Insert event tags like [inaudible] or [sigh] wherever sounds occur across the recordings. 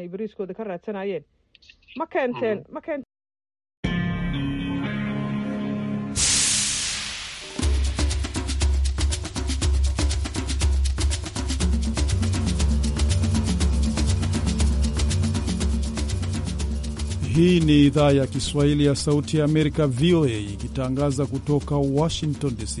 ay bariiskooda ka raadsanayeen ma keenteen mm. ma keen Hii ni idhaa ya Kiswahili ya Sauti ya Amerika, VOA, ikitangaza kutoka Washington DC.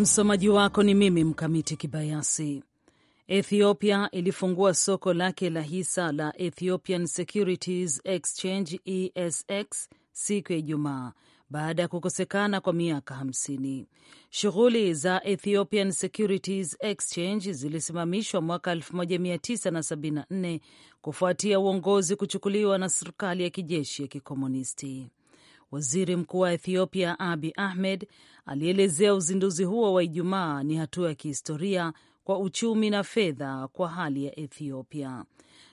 Msomaji wako ni mimi Mkamiti Kibayasi. Ethiopia ilifungua soko lake la hisa la Ethiopian Securities Exchange ESX siku ya Ijumaa baada ya kukosekana kwa miaka 50. Shughuli za Ethiopian Securities Exchange zilisimamishwa mwaka 1974 kufuatia uongozi kuchukuliwa na serikali ya kijeshi ya kikomunisti. Waziri Mkuu wa Ethiopia Abi Ahmed alielezea uzinduzi huo wa Ijumaa ni hatua ya kihistoria kwa uchumi na fedha kwa hali ya Ethiopia.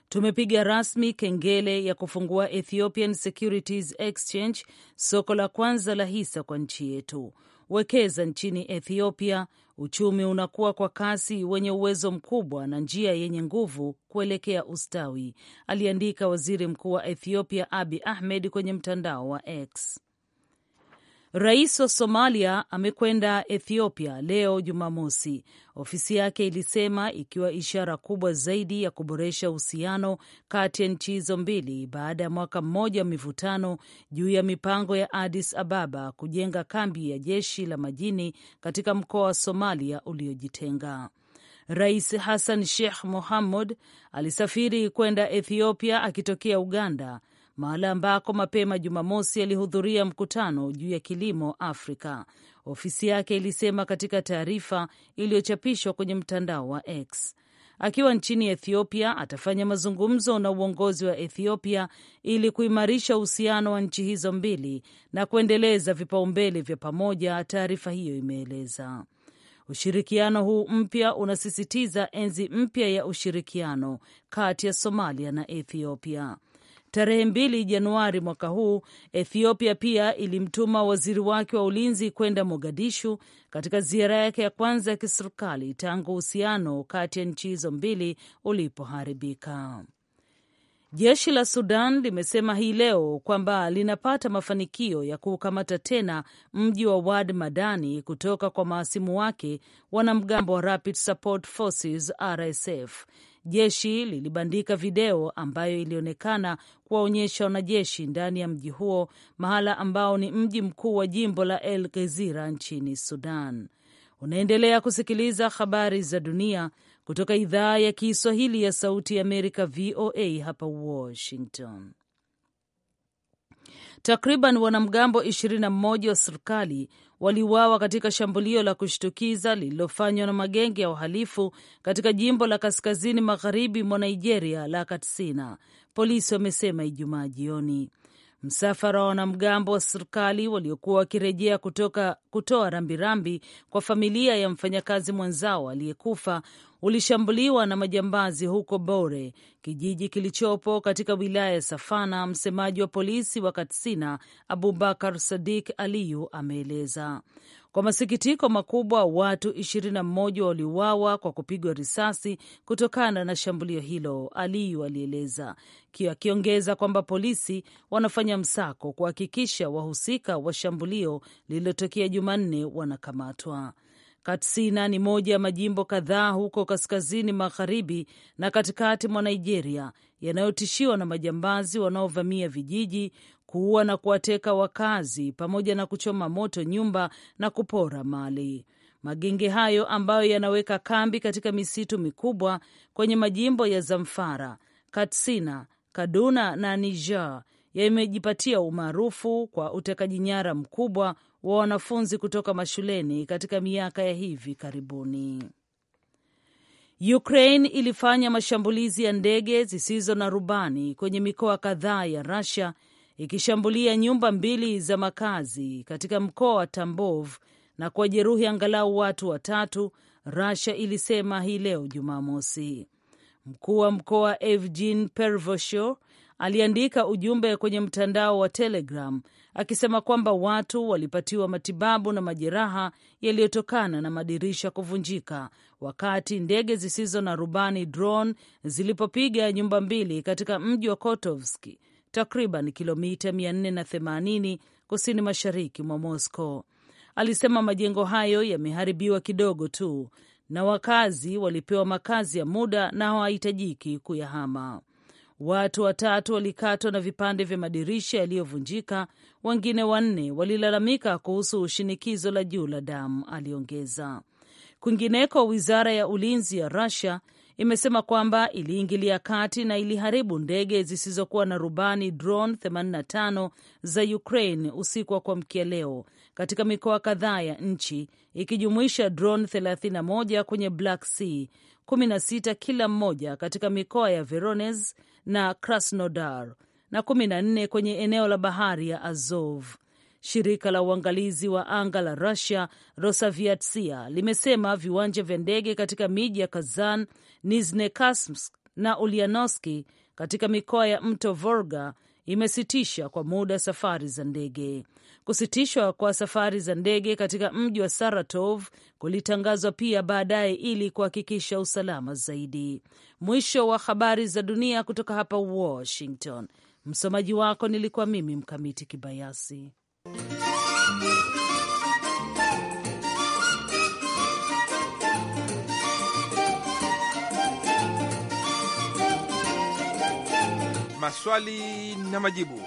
Tumepiga rasmi kengele ya kufungua Ethiopian Securities Exchange, soko la kwanza la hisa kwa nchi yetu wekeza nchini Ethiopia, uchumi unakuwa kwa kasi, wenye uwezo mkubwa na njia yenye nguvu kuelekea ustawi, aliandika waziri mkuu wa Ethiopia Abi Ahmed kwenye mtandao wa X. Rais wa Somalia amekwenda Ethiopia leo Jumamosi, ofisi yake ilisema, ikiwa ishara kubwa zaidi ya kuboresha uhusiano kati ya nchi hizo mbili baada ya mwaka mmoja wa mivutano juu ya mipango ya Addis Ababa kujenga kambi ya jeshi la majini katika mkoa wa Somalia uliojitenga. Rais Hassan Sheikh Mohamud alisafiri kwenda Ethiopia akitokea Uganda mahala ambako mapema Jumamosi alihudhuria mkutano juu ya kilimo Afrika. Ofisi yake ilisema katika taarifa iliyochapishwa kwenye mtandao wa X. Akiwa nchini Ethiopia, atafanya mazungumzo na uongozi wa Ethiopia ili kuimarisha uhusiano wa nchi hizo mbili na kuendeleza vipaumbele vya pamoja, taarifa hiyo imeeleza. Ushirikiano huu mpya unasisitiza enzi mpya ya ushirikiano kati ya Somalia na Ethiopia. Tarehe mbili Januari mwaka huu, Ethiopia pia ilimtuma waziri wake wa ulinzi kwenda Mogadishu katika ziara yake ya kwanza ya kiserikali tangu uhusiano kati ya nchi hizo mbili ulipoharibika. Jeshi la Sudan limesema hii leo kwamba linapata mafanikio ya kuukamata tena mji wa Wad Madani kutoka kwa maasimu wake wanamgambo wa Rapid Support Forces RSF Jeshi lilibandika video ambayo ilionekana kuwaonyesha wanajeshi ndani ya mji huo, mahala ambao ni mji mkuu wa jimbo la El Gezira nchini Sudan. Unaendelea kusikiliza habari za dunia kutoka idhaa ya Kiswahili ya Sauti ya Amerika, VOA hapa Washington. Takriban wanamgambo 21 wa serikali waliuawa katika shambulio la kushtukiza lililofanywa na magenge ya uhalifu katika jimbo la kaskazini magharibi mwa Nigeria la Katsina, polisi wamesema Ijumaa jioni. Msafara wa wanamgambo wa serikali waliokuwa wakirejea kutoka kutoa rambirambi kwa familia ya mfanyakazi mwenzao aliyekufa ulishambuliwa na majambazi huko Bore, kijiji kilichopo katika wilaya ya Safana. Msemaji wa polisi wa Katsina, Abubakar Sadik Aliyu, ameeleza kwa masikitiko makubwa watu 21 waliuawa kwa kupigwa risasi kutokana na shambulio hilo, Aliyu alieleza, akiongeza kwamba polisi wanafanya msako kuhakikisha wahusika wa shambulio lililotokea Jumanne wanakamatwa. Katsina ni moja ya majimbo kadhaa huko kaskazini magharibi na katikati mwa Nigeria yanayotishiwa na majambazi wanaovamia vijiji, kuua na kuwateka wakazi, pamoja na kuchoma moto nyumba na kupora mali. Magenge hayo ambayo yanaweka kambi katika misitu mikubwa kwenye majimbo ya Zamfara, Katsina, Kaduna na Niger yamejipatia umaarufu kwa utekaji nyara mkubwa wa wanafunzi kutoka mashuleni katika miaka ya hivi karibuni. Ukraine ilifanya mashambulizi ya ndege zisizo na rubani kwenye mikoa kadhaa ya Russia ikishambulia nyumba mbili za makazi katika mkoa wa Tambov na kuwajeruhi angalau watu watatu, Russia ilisema hii leo Jumamosi. Mkuu wa mkoa Evgen Pervosho aliandika ujumbe kwenye mtandao wa Telegram akisema kwamba watu walipatiwa matibabu na majeraha yaliyotokana na madirisha kuvunjika wakati ndege zisizo na rubani drone zilipopiga nyumba mbili katika mji wa Kotovski, takriban kilomita 480 kusini mashariki mwa Moscow. Alisema majengo hayo yameharibiwa kidogo tu na wakazi walipewa makazi ya muda na hawahitajiki kuyahama. Watu watatu walikatwa na vipande vya madirisha yaliyovunjika. Wengine wanne walilalamika kuhusu shinikizo la juu la damu, aliongeza. Kwingineko, wizara ya ulinzi ya Russia imesema kwamba iliingilia kati na iliharibu ndege zisizokuwa na rubani drone 85 za Ukraine usiku wa kuamkia leo katika mikoa kadhaa ya nchi ikijumuisha drone 31 kwenye Black Sea, 16 kila mmoja katika mikoa ya Voronezh, na Krasnodar na kumi na nne kwenye eneo la bahari ya Azov. Shirika la uangalizi wa anga la Russia Rosaviatsia limesema viwanja vya ndege katika miji ya Kazan, Nizhnekarsk na ulianoski katika mikoa ya mto Volga imesitisha kwa muda safari za ndege. Kusitishwa kwa safari za ndege katika mji wa Saratov kulitangazwa pia baadaye ili kuhakikisha usalama zaidi. Mwisho wa habari za dunia kutoka hapa Washington. Msomaji wako nilikuwa mimi Mkamiti Kibayasi. maswali na majibu.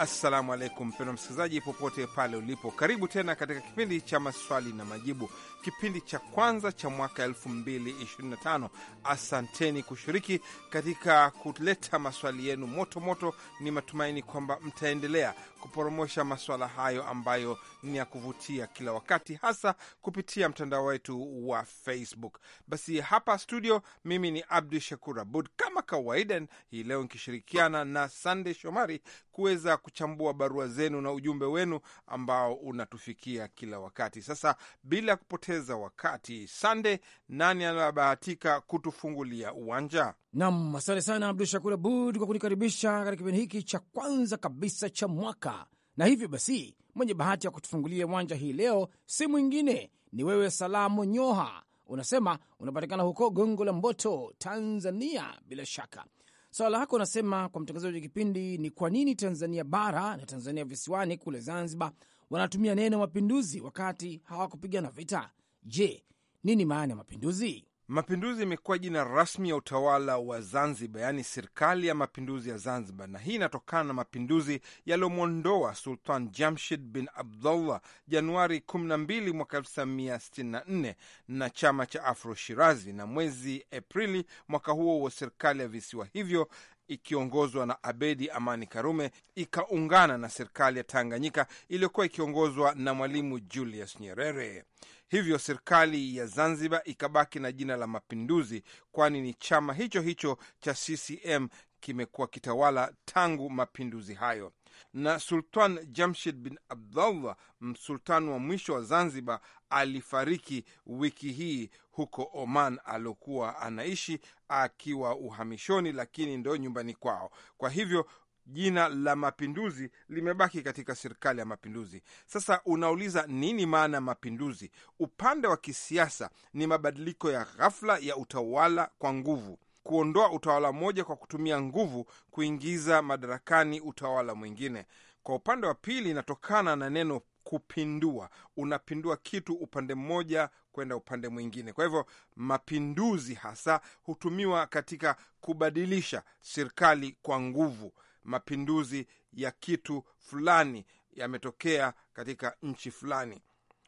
Assalamu alaikum mpendwa msikilizaji, popote pale ulipo, karibu tena katika kipindi cha maswali na majibu, kipindi cha kwanza cha mwaka 2025. Asanteni kushiriki katika kuleta maswali yenu moto moto. Ni matumaini kwamba mtaendelea kuporomosha maswala hayo ambayo ni ya kuvutia kila wakati, hasa kupitia mtandao wetu wa Facebook. Basi hapa studio, mimi ni Abdu Shakur Abud kama kawaida, hii leo nikishirikiana na sandey Shomari kuweza kuchambua barua zenu na ujumbe wenu ambao unatufikia kila wakati. Sasa bila kupoteza wakati, Sande, nani anabahatika kutufungulia uwanja? Nam, asante sana Abdu Shakur Abud kwa kunikaribisha katika kipindi hiki cha kwanza kabisa cha mwaka, na hivyo basi mwenye bahati ya kutufungulia uwanja hii leo si mwingine, ni wewe Salamu Nyoha. Unasema unapatikana huko Gongo la Mboto, Tanzania. Bila shaka Swala lako unasema kwa mtangazaji wa kipindi ni kwa nini Tanzania bara na Tanzania visiwani kule Zanzibar wanatumia neno mapinduzi wakati hawakupigana vita? Je, nini maana ya mapinduzi? Mapinduzi imekuwa jina rasmi ya utawala wa Zanzibar, yaani serikali ya mapinduzi ya Zanzibar, na hii inatokana na mapinduzi yaliyomwondoa Sultan Jamshid bin Abdullah Januari 12 mwaka 1964 na chama cha Afro Shirazi, na mwezi Aprili mwaka huo huo serikali ya visiwa hivyo ikiongozwa na Abedi Amani Karume ikaungana na serikali ya Tanganyika iliyokuwa ikiongozwa na Mwalimu Julius Nyerere. Hivyo serikali ya Zanzibar ikabaki na jina la Mapinduzi, kwani ni chama hicho hicho cha CCM kimekuwa kitawala tangu mapinduzi hayo. Na Sultan Jamshid bin Abdullah, msultan wa mwisho wa Zanzibar, alifariki wiki hii huko Oman aliokuwa anaishi akiwa uhamishoni, lakini ndo nyumbani kwao. Kwa hivyo jina la mapinduzi limebaki katika serikali ya mapinduzi. Sasa unauliza nini maana ya mapinduzi? Upande wa kisiasa ni mabadiliko ya ghafla ya utawala kwa nguvu, kuondoa utawala mmoja kwa kutumia nguvu, kuingiza madarakani utawala mwingine. Kwa upande wa pili, inatokana na neno kupindua. Unapindua kitu upande mmoja kwenda upande mwingine. Kwa hivyo mapinduzi hasa hutumiwa katika kubadilisha serikali kwa nguvu mapinduzi ya kitu fulani yametokea katika nchi fulani,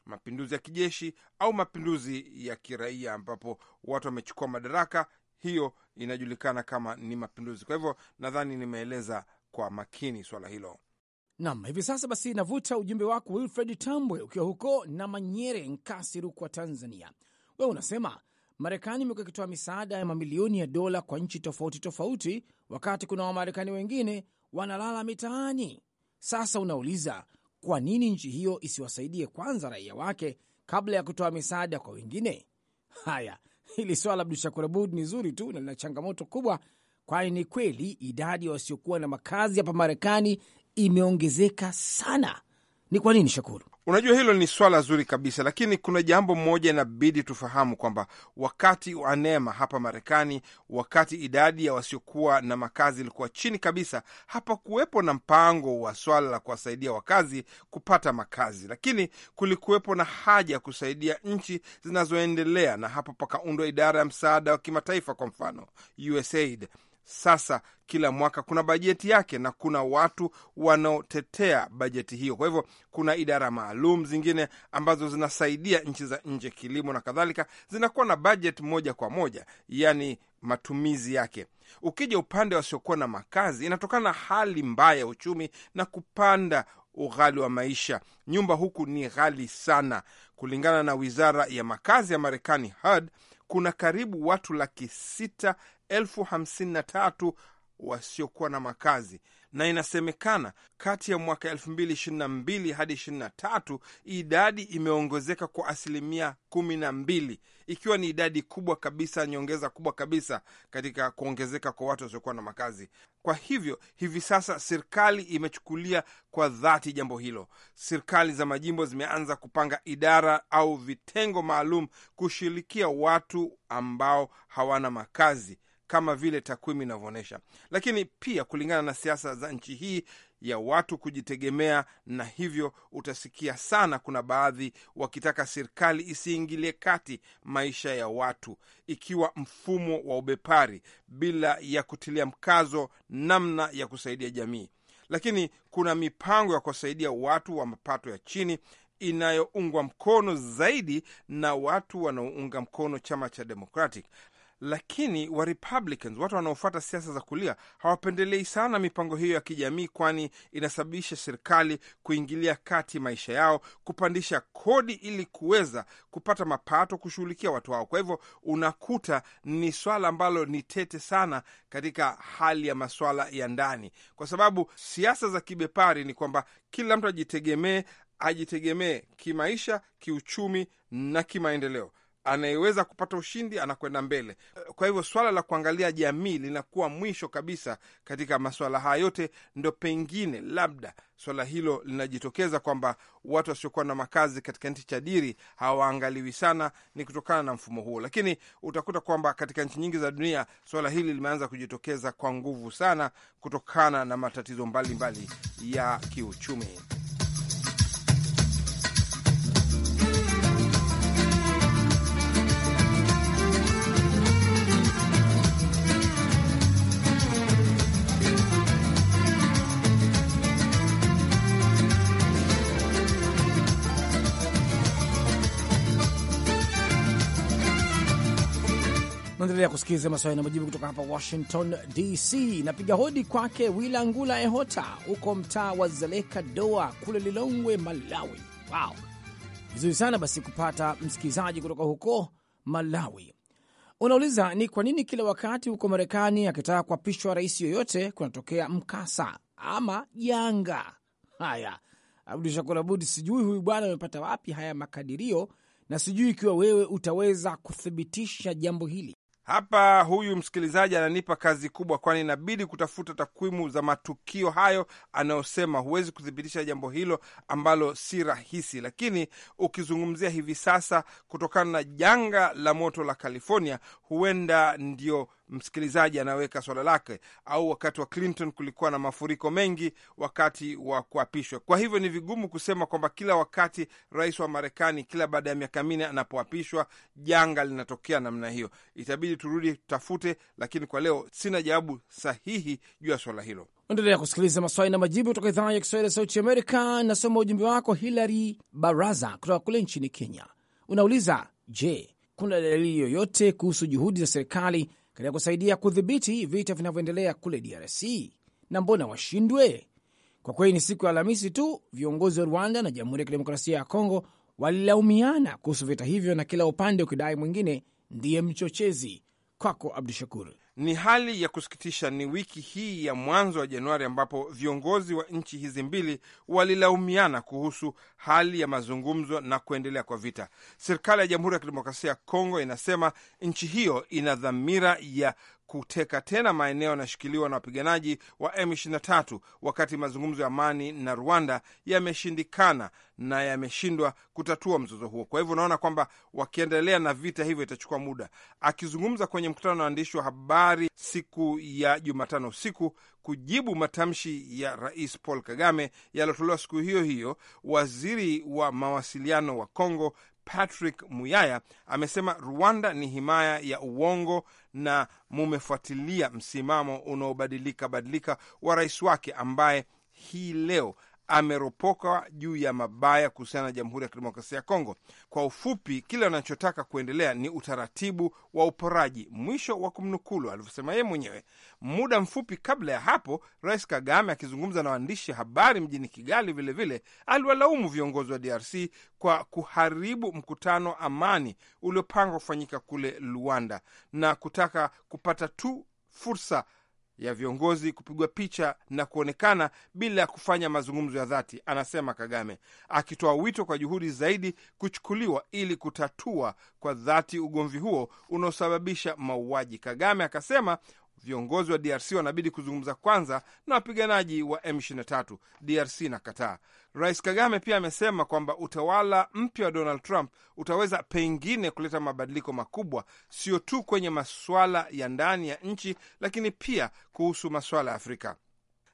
mapinduzi ya kijeshi au mapinduzi ya kiraia, ambapo watu wamechukua madaraka. Hiyo inajulikana kama ni mapinduzi. Kwa hivyo nadhani nimeeleza kwa makini swala hilo. Nam, hivi sasa basi navuta ujumbe wako Wilfred Tambwe, ukiwa huko na Manyere, Nkasi, Rukwa, Tanzania. Wewe unasema Marekani imekuwa ikitoa misaada ya mamilioni ya dola kwa nchi tofauti tofauti, wakati kuna Wamarekani wengine wanalala mitaani. Sasa unauliza kwa nini nchi hiyo isiwasaidie kwanza raia wake kabla ya kutoa misaada kwa wengine? Haya, hili swala Abdu Shakur Abud ni zuri tu na lina changamoto kubwa, kwani ni kweli idadi ya wasiokuwa na makazi hapa Marekani imeongezeka sana ni kwa nini, Shakuru? Unajua, hilo ni swala zuri kabisa, lakini kuna jambo mmoja inabidi tufahamu kwamba wakati wa neema hapa Marekani, wakati idadi ya wasiokuwa na makazi ilikuwa chini kabisa, hapakuwepo na mpango wa swala la kuwasaidia wakazi kupata makazi, lakini kulikuwepo na haja ya kusaidia nchi zinazoendelea, na hapo pakaundwa idara ya msaada wa kimataifa, kwa mfano USAID sasa kila mwaka kuna bajeti yake na kuna watu wanaotetea bajeti hiyo. Kwa hivyo kuna idara maalum zingine ambazo zinasaidia nchi za nje, kilimo na kadhalika, zinakuwa na bajeti moja kwa moja, yani matumizi yake. Ukija upande wasiokuwa na makazi, inatokana na hali mbaya ya uchumi na kupanda ughali wa maisha. Nyumba huku ni ghali sana, kulingana na wizara ya makazi ya Marekani HUD kuna karibu watu laki sita elfu hamsini na tatu wasiokuwa na makazi na inasemekana kati ya mwaka 2022 hadi 23 idadi imeongezeka kwa asilimia 12 ikiwa ni idadi kubwa kabisa, nyongeza kubwa kabisa katika kuongezeka kwa watu wasiokuwa na makazi. Kwa hivyo hivi sasa serikali imechukulia kwa dhati jambo hilo. Serikali za majimbo zimeanza kupanga idara au vitengo maalum kushirikia watu ambao hawana makazi kama vile takwimu inavyoonyesha. Lakini pia kulingana na siasa za nchi hii, ya watu kujitegemea, na hivyo utasikia sana kuna baadhi wakitaka serikali isiingilie kati maisha ya watu, ikiwa mfumo wa ubepari, bila ya kutilia mkazo namna ya kusaidia jamii. Lakini kuna mipango ya kuwasaidia watu wa mapato ya chini inayoungwa mkono zaidi na watu wanaounga mkono chama cha Democratic, lakini wa Republicans, watu wanaofuata siasa za kulia, hawapendelei sana mipango hiyo ya kijamii, kwani inasababisha serikali kuingilia kati maisha yao, kupandisha kodi ili kuweza kupata mapato, kushughulikia watu wao. Kwa hivyo unakuta ni swala ambalo ni tete sana katika hali ya maswala ya ndani, kwa sababu siasa za kibepari ni kwamba kila mtu ajitegemee, ajitegemee kimaisha, kiuchumi na kimaendeleo anayeweza kupata ushindi anakwenda mbele. Kwa hivyo swala la kuangalia jamii linakuwa mwisho kabisa katika maswala haya yote, ndo pengine labda swala hilo linajitokeza kwamba watu wasiokuwa na makazi katika nchi chadiri hawaangaliwi sana, ni kutokana na mfumo huo. Lakini utakuta kwamba katika nchi nyingi za dunia swala hili limeanza kujitokeza kwa nguvu sana kutokana na matatizo mbalimbali mbali ya kiuchumi. Naendelea kusikiliza maswali na majibu kutoka hapa Washington DC. Napiga hodi kwake Wila Ngula Ehota huko mtaa wa Zaleka Doa kule Lilongwe, Malawi. Wow, vizuri sana basi kupata msikilizaji kutoka huko Malawi. Unauliza, ni kwa nini kila wakati huko Marekani akitaka kuapishwa rais yoyote kunatokea mkasa ama janga? Haya, Abdu Shakur Abud, sijui huyu bwana amepata wapi haya makadirio, na sijui ikiwa wewe utaweza kuthibitisha jambo hili. Hapa huyu msikilizaji ananipa kazi kubwa, kwani inabidi kutafuta takwimu za matukio hayo anayosema. Huwezi kuthibitisha jambo hilo ambalo si rahisi, lakini ukizungumzia hivi sasa, kutokana na janga la moto la California, huenda ndio msikilizaji anaweka swala lake, au wakati wa Clinton kulikuwa na mafuriko mengi wakati wa kuapishwa. Kwa hivyo ni vigumu kusema kwamba kila wakati rais wa Marekani kila baada ya miaka minne anapoapishwa janga linatokea namna hiyo. Itabidi turudi tutafute, lakini kwa leo sina jawabu sahihi juu ya swala hilo. Endelea kusikiliza maswali na majibu kutoka idhaa ya Kiswahili ya Sauti Amerika. Nasoma ujumbe wako Hilary Baraza kutoka kule nchini Kenya. Unauliza, je, kuna dalili yoyote kuhusu juhudi za serikali katika kusaidia kudhibiti vita vinavyoendelea kule DRC na mbona washindwe? Kwa kweli, ni siku ya Alhamisi tu viongozi wa Rwanda na Jamhuri ya Kidemokrasia ya Kongo walilaumiana kuhusu vita hivyo, na kila upande ukidai mwingine ndiye mchochezi. Kwako Abdu Shakur. Ni hali ya kusikitisha. Ni wiki hii ya mwanzo wa Januari ambapo viongozi wa nchi hizi mbili walilaumiana kuhusu hali ya mazungumzo na kuendelea kwa vita. Serikali ya Jamhuri ya Kidemokrasia ya Kongo inasema nchi hiyo ina dhamira ya kuteka tena maeneo yanayoshikiliwa na wapiganaji wa M23 wakati mazungumzo ya amani na Rwanda yameshindikana na yameshindwa kutatua mzozo huo. Kwa hivyo unaona kwamba wakiendelea na vita hivyo itachukua muda. Akizungumza kwenye mkutano na waandishi wa habari siku ya Jumatano usiku kujibu matamshi ya Rais Paul Kagame yaliyotolewa siku hiyo hiyo, waziri wa mawasiliano wa congo Patrick Muyaya amesema Rwanda ni himaya ya uongo na mumefuatilia msimamo unaobadilika badilika wa rais wake ambaye hii leo ameropoka juu ya mabaya kuhusiana na Jamhuri ya Kidemokrasia ya Kongo. Kwa ufupi, kile anachotaka kuendelea ni utaratibu wa uporaji, mwisho wa kumnukulu, alivyosema yeye mwenyewe. Muda mfupi kabla ya hapo, Rais Kagame akizungumza na waandishi habari mjini Kigali vilevile aliwalaumu viongozi wa DRC kwa kuharibu mkutano amani uliopangwa kufanyika kule Luanda na kutaka kupata tu fursa ya viongozi kupigwa picha na kuonekana bila ya kufanya mazungumzo ya dhati, anasema Kagame, akitoa wito kwa juhudi zaidi kuchukuliwa ili kutatua kwa dhati ugomvi huo unaosababisha mauaji. Kagame akasema viongozi wa DRC wanabidi kuzungumza kwanza na wapiganaji wa M23. DRC na kataa. Rais Kagame pia amesema kwamba utawala mpya wa Donald Trump utaweza pengine kuleta mabadiliko makubwa, sio tu kwenye masuala ya ndani ya nchi, lakini pia kuhusu masuala ya Afrika.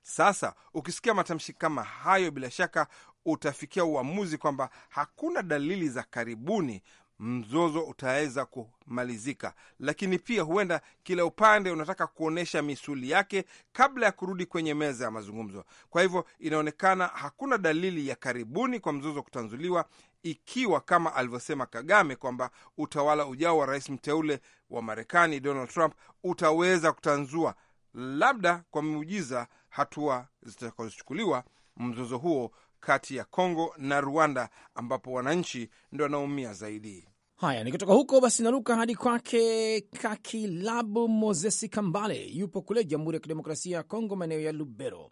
Sasa ukisikia matamshi kama hayo, bila shaka utafikia uamuzi kwamba hakuna dalili za karibuni mzozo utaweza kumalizika, lakini pia huenda kila upande unataka kuonyesha misuli yake kabla ya kurudi kwenye meza ya mazungumzo. Kwa hivyo inaonekana hakuna dalili ya karibuni kwa mzozo kutanzuliwa, ikiwa kama alivyosema Kagame kwamba utawala ujao wa rais mteule wa Marekani Donald Trump utaweza kutanzua, labda kwa miujiza, hatua zitakazochukuliwa mzozo huo kati ya Kongo na Rwanda ambapo wananchi ndo wanaumia zaidi. Haya, nikitoka huko basi naruka hadi kwake Kakilabu Mozesi Kambale, yupo kule Jamhuri ya Kidemokrasia ya Kongo, maeneo ya Lubero.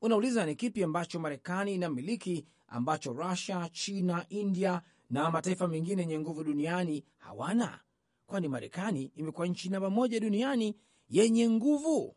Unauliza ni kipi ambacho Marekani inamiliki ambacho Rusia, China, India na mataifa mengine yenye nguvu duniani hawana, kwani Marekani imekuwa nchi namba moja duniani yenye nguvu.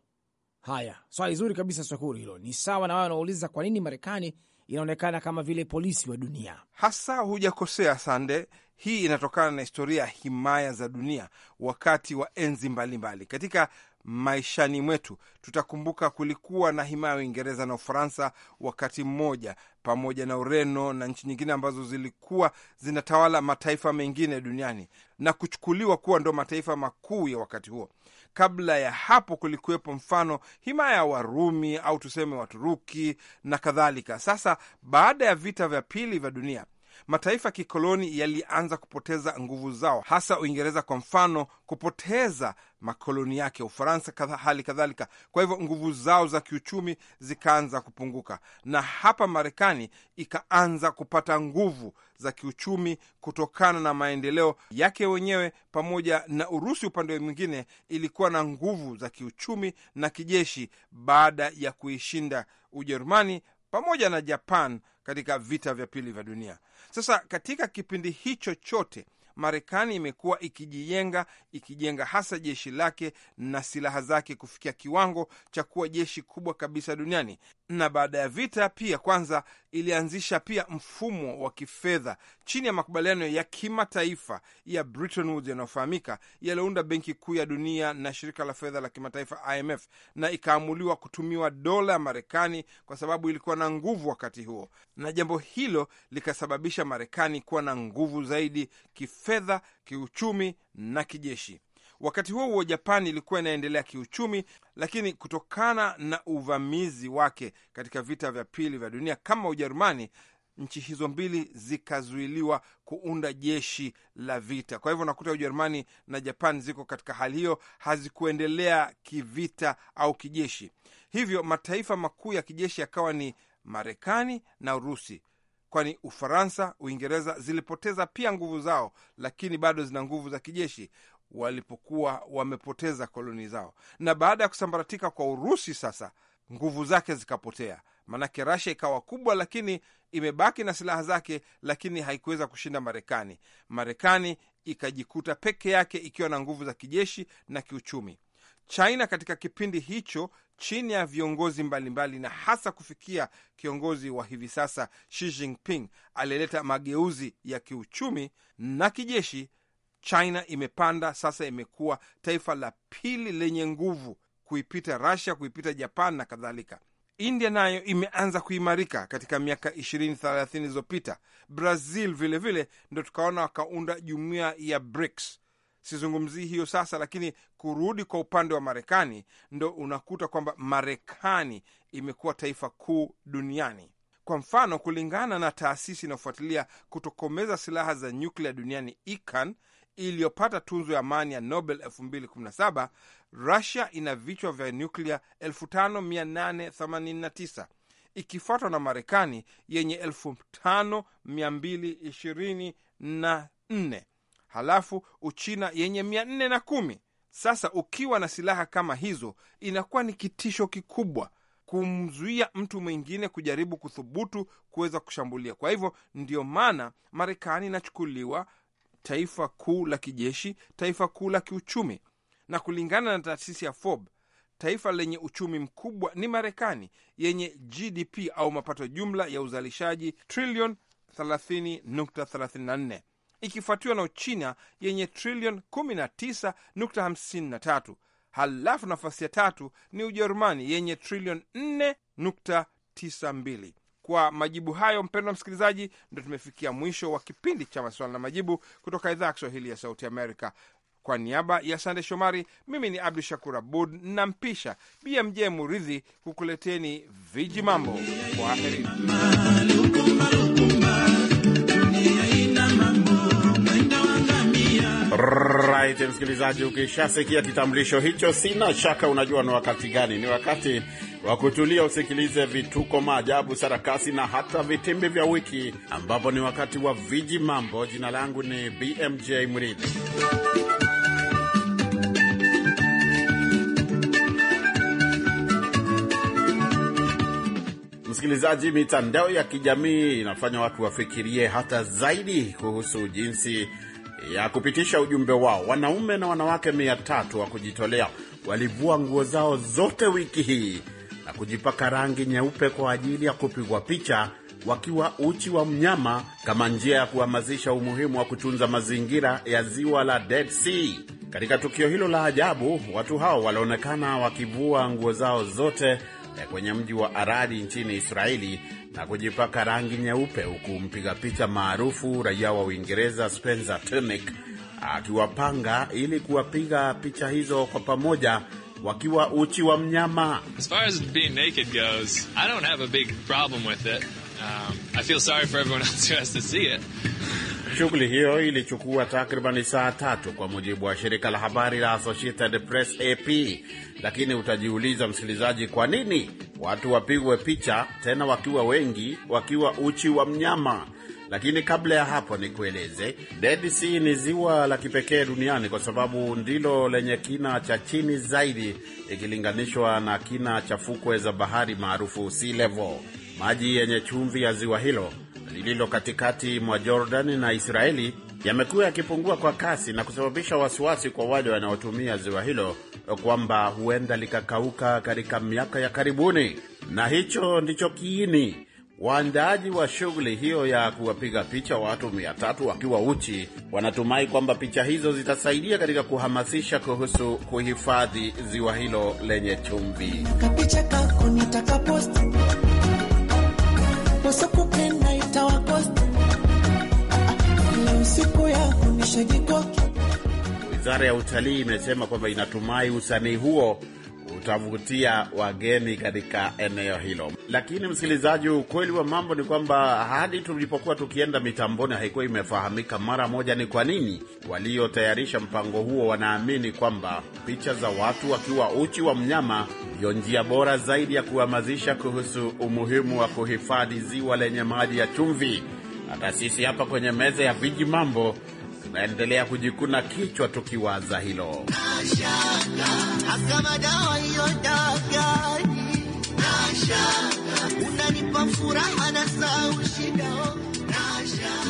Haya, swali zuri kabisa, sakuru Hilo ni sawa na wao wanauliza kwa nini Marekani inaonekana kama vile polisi wa dunia. Hasa hujakosea, Sande. Hii inatokana na historia ya himaya za dunia wakati wa enzi mbalimbali mbali. Katika maishani mwetu tutakumbuka kulikuwa na himaya ya Uingereza na Ufaransa wakati mmoja, pamoja na Ureno na nchi nyingine ambazo zilikuwa zinatawala mataifa mengine duniani na kuchukuliwa kuwa ndo mataifa makuu ya wakati huo. Kabla ya hapo kulikuwepo mfano himaya ya Warumi au tuseme Waturuki na kadhalika. Sasa baada ya vita vya pili vya dunia mataifa ya kikoloni yalianza kupoteza nguvu zao, hasa Uingereza kwa mfano, kupoteza makoloni yake Ufaransa katha, hali kadhalika. Kwa hivyo nguvu zao za kiuchumi zikaanza kupunguka, na hapa Marekani ikaanza kupata nguvu za kiuchumi kutokana na maendeleo yake wenyewe, pamoja na Urusi upande mwingine ilikuwa na nguvu za kiuchumi na kijeshi baada ya kuishinda Ujerumani pamoja na Japan katika vita vya pili vya dunia. Sasa katika kipindi hicho chote Marekani imekuwa ikijijenga, ikijenga hasa jeshi lake na silaha zake kufikia kiwango cha kuwa jeshi kubwa kabisa duniani. Na baada ya vita pia, kwanza ilianzisha pia mfumo wa kifedha chini ya makubaliano ya kimataifa ya Bretton Woods yanayofahamika, yaliyounda Benki Kuu ya Dunia na Shirika la Fedha la Kimataifa IMF, na ikaamuliwa kutumiwa dola ya Marekani kwa sababu ilikuwa na nguvu wakati huo, na jambo hilo likasababisha Marekani kuwa na nguvu zaidi kifedha kifedha, kiuchumi na kijeshi. Wakati huo huo, Japani ilikuwa inaendelea kiuchumi, lakini kutokana na uvamizi wake katika vita vya pili vya dunia kama Ujerumani, nchi hizo mbili zikazuiliwa kuunda jeshi la vita. Kwa hivyo unakuta Ujerumani na Japan ziko katika hali hiyo, hazikuendelea kivita au kijeshi. Hivyo mataifa makuu ya kijeshi yakawa ni Marekani na Urusi kwani Ufaransa, Uingereza zilipoteza pia nguvu zao, lakini bado zina nguvu za kijeshi walipokuwa wamepoteza koloni zao. Na baada ya kusambaratika kwa Urusi, sasa nguvu zake zikapotea, maanake Rasia ikawa kubwa, lakini imebaki na silaha zake, lakini haikuweza kushinda Marekani. Marekani ikajikuta peke yake ikiwa na nguvu za kijeshi na kiuchumi. China katika kipindi hicho chini ya viongozi mbalimbali mbali na hasa kufikia kiongozi wa hivi sasa Xi Jinping aliyeleta mageuzi ya kiuchumi na kijeshi, China imepanda sasa, imekuwa taifa la pili lenye nguvu kuipita Russia, kuipita Japan na kadhalika. India nayo imeanza kuimarika katika miaka ishirini thelathini ilizopita. Brazil vilevile ndo tukaona wakaunda jumuiya ya BRICS sizungumzii hiyo sasa, lakini kurudi kwa upande wa Marekani ndo unakuta kwamba Marekani imekuwa taifa kuu duniani. Kwa mfano, kulingana na taasisi inayofuatilia kutokomeza silaha za nyuklia duniani ICAN iliyopata tunzo ya amani ya Nobel 2017 Rusia ina vichwa vya nyuklia 5889 ikifuatwa na Marekani yenye 5224 halafu Uchina yenye mia nne na kumi. Sasa ukiwa na silaha kama hizo inakuwa ni kitisho kikubwa kumzuia mtu mwingine kujaribu kuthubutu kuweza kushambulia. Kwa hivyo ndio maana Marekani inachukuliwa taifa kuu la kijeshi, taifa kuu la kiuchumi, na kulingana na taasisi ya Forbes, taifa lenye uchumi mkubwa ni Marekani yenye GDP au mapato jumla ya uzalishaji trilioni 30.34 ikifuatiwa na Uchina yenye trilioni 19.53. Halafu nafasi ya tatu ni Ujerumani yenye trilioni 4.92. Kwa majibu hayo, mpendwa msikilizaji, ndo tumefikia mwisho wa kipindi cha maswala na majibu kutoka idhaa ya Kiswahili ya Sauti Amerika. Kwa niaba ya Sande Shomari, mimi ni Abdu Shakur Abud na mpisha BMJ Muridhi kukuleteni viji mambo. Kwaherini. right, msikilizaji, ukishasikia kitambulisho hicho, sina shaka unajua ni wakati gani. Ni wakati wa kutulia, usikilize vituko, maajabu, sarakasi na hata vitimbi vya wiki, ambapo ni wakati wa viji mambo. Jina langu ni BMJ Mridhi. Msikilizaji, mitandao ya kijamii inafanya watu wafikirie hata zaidi kuhusu jinsi ya kupitisha ujumbe wao. Wanaume na wanawake mia tatu wa kujitolea walivua nguo zao zote wiki hii na kujipaka rangi nyeupe kwa ajili ya kupigwa picha wakiwa uchi wa mnyama kama njia ya kuhamasisha umuhimu wa kutunza mazingira ya ziwa la Dead Sea. Katika tukio hilo la ajabu, watu hao walionekana wakivua nguo zao zote kwenye mji wa Aradi nchini Israeli na kujipaka rangi nyeupe, huku mpiga picha maarufu raia wa Uingereza Spencer Tunick akiwapanga ili kuwapiga picha hizo kwa pamoja wakiwa uchi wa mnyama. As far as being naked goes, I don't have a big problem with it. Um, I feel sorry for everyone [laughs] else who has to see it. Shughuli hiyo ilichukua takribani saa tatu kwa mujibu wa shirika la habari la Associated Press AP. Lakini utajiuliza msikilizaji, kwa nini watu wapigwe picha tena wakiwa wengi, wakiwa uchi wa mnyama? Lakini kabla ya hapo nikueleze, Dead Sea ni ziwa la kipekee duniani kwa sababu ndilo lenye kina cha chini zaidi ikilinganishwa na kina cha fukwe za bahari maarufu sea level. Maji yenye chumvi ya ziwa hilo lililo katikati mwa Jordan na Israeli yamekuwa yakipungua kwa kasi na kusababisha wasiwasi kwa wale wanaotumia ziwa hilo kwamba huenda likakauka katika miaka ya karibuni, na hicho ndicho kiini Waandaaji wa shughuli hiyo ya kuwapiga picha watu mia tatu wakiwa uchi wanatumai kwamba picha hizo zitasaidia katika kuhamasisha kuhusu kuhifadhi ziwa hilo lenye chumvi ya Wizara ya Utalii imesema kwamba inatumai usanii huo utavutia wageni katika eneo hilo. Lakini msikilizaji, ukweli wa mambo ni kwamba hadi tulipokuwa tukienda mitamboni haikuwa imefahamika mara moja ni kwa nini waliotayarisha mpango huo wanaamini kwamba picha za watu wakiwa uchi wa mnyama ndiyo njia bora zaidi ya kuhamasisha kuhusu umuhimu wa kuhifadhi ziwa lenye maji ya chumvi. Hata sisi hapa kwenye meza ya viji mambo tunaendelea kujikuna kichwa tukiwaza hilo.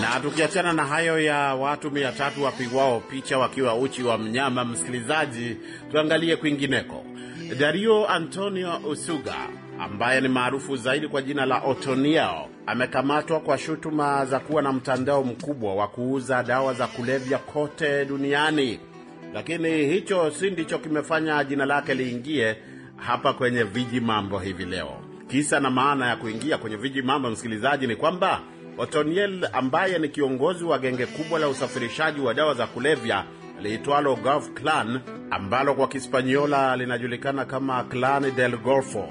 Na tukiachana na hayo ya watu mia tatu wapigwao picha wakiwa uchi wa mnyama, msikilizaji, tuangalie kwingineko. Dario Antonio Usuga ambaye ni maarufu zaidi kwa jina la Otoniel amekamatwa kwa shutuma za kuwa na mtandao mkubwa wa kuuza dawa za kulevya kote duniani, lakini hicho si ndicho kimefanya jina lake liingie hapa kwenye viji mambo hivi leo. Kisa na maana ya kuingia kwenye viji mambo, msikilizaji, ni kwamba Otoniel ambaye ni kiongozi wa genge kubwa la usafirishaji wa dawa za kulevya liitwalo Gulf Clan ambalo kwa Kispanyola linajulikana kama Clan del Golfo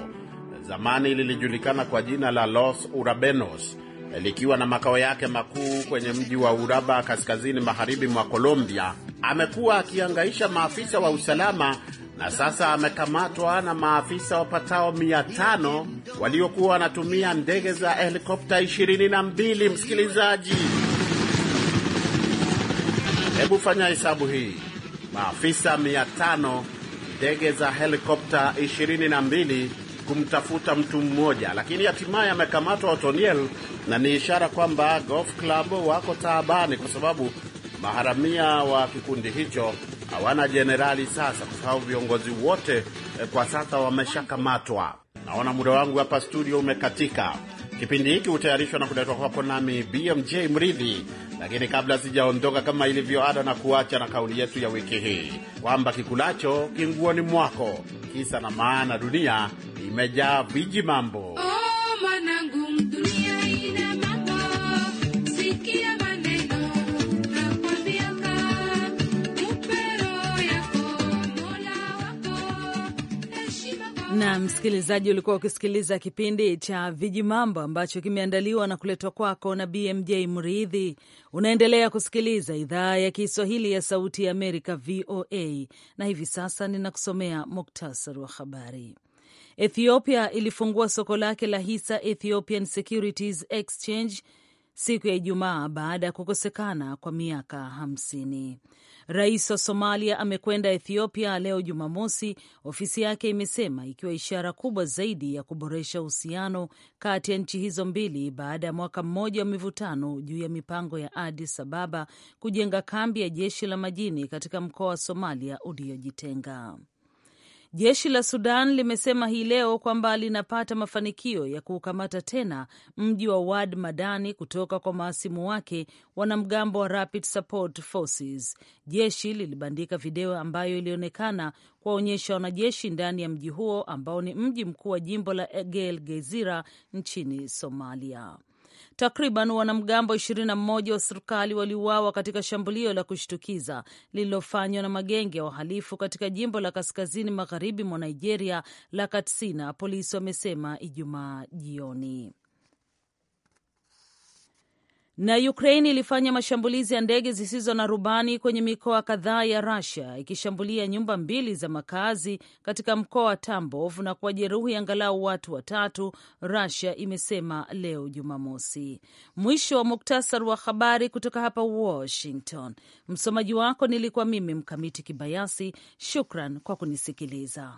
zamani lilijulikana kwa jina la Los Urabenos likiwa na makao yake makuu kwenye mji wa Uraba kaskazini magharibi mwa Colombia, amekuwa akiangaisha maafisa wa usalama na sasa amekamatwa na maafisa wapatao 500 waliokuwa wanatumia ndege za helikopta 22. Msikilizaji, hebu fanya hesabu hii: maafisa 500, ndege za helikopta 22 kumtafuta mtu mmoja, lakini hatimaye amekamatwa Otoniel, na ni ishara kwamba Golf Club wako taabani, kwa sababu maharamia wa kikundi hicho hawana jenerali sasa, kwa sababu viongozi wote eh, kwa sasa wameshakamatwa. Naona muda wangu hapa studio umekatika. Kipindi hiki hutayarishwa na kuletwa kwako nami BMJ Mridhi. Lakini kabla sijaondoka, kama ilivyo ada, na kuacha na kauli yetu ya wiki hii kwamba kikulacho kinguoni mwako, kisa na maana, dunia imejaa viji mambo. na msikilizaji, ulikuwa ukisikiliza kipindi cha Vijimambo ambacho kimeandaliwa na kuletwa kwako na BMJ Mridhi. Unaendelea kusikiliza idhaa ya Kiswahili ya Sauti ya Amerika, VOA, na hivi sasa ninakusomea muktasari wa habari. Ethiopia ilifungua soko lake la hisa Ethiopian Securities Exchange siku ya Ijumaa baada ya kukosekana kwa miaka hamsini. Rais wa Somalia amekwenda Ethiopia leo Jumamosi, ofisi yake imesema, ikiwa ishara kubwa zaidi ya kuboresha uhusiano kati ya nchi hizo mbili baada ya mwaka mmoja wa mivutano juu ya mipango ya Addis Ababa kujenga kambi ya jeshi la majini katika mkoa wa Somalia uliojitenga. Jeshi la Sudan limesema hii leo kwamba linapata mafanikio ya kuukamata tena mji wa Wad Madani kutoka kwa maasimu wake wanamgambo wa Rapid Support Forces. Jeshi lilibandika video ambayo ilionekana kuwaonyesha wanajeshi ndani ya mji huo ambao ni mji mkuu wa jimbo la Egel Gezira nchini Somalia. Takriban wanamgambo 21 wa serikali waliuawa katika shambulio la kushtukiza lililofanywa na magenge ya wahalifu katika jimbo la kaskazini magharibi mwa Nigeria la Katsina, polisi wamesema Ijumaa jioni. Na Ukraine ilifanya mashambulizi ya ndege zisizo na rubani kwenye mikoa kadhaa ya Russia ikishambulia nyumba mbili za makazi katika mkoa wa Tambov na kuwajeruhi angalau watu watatu, Russia imesema leo Jumamosi. Mwisho wa muktasar wa habari kutoka hapa Washington. Msomaji wako nilikuwa mimi Mkamiti Kibayasi. Shukran kwa kunisikiliza.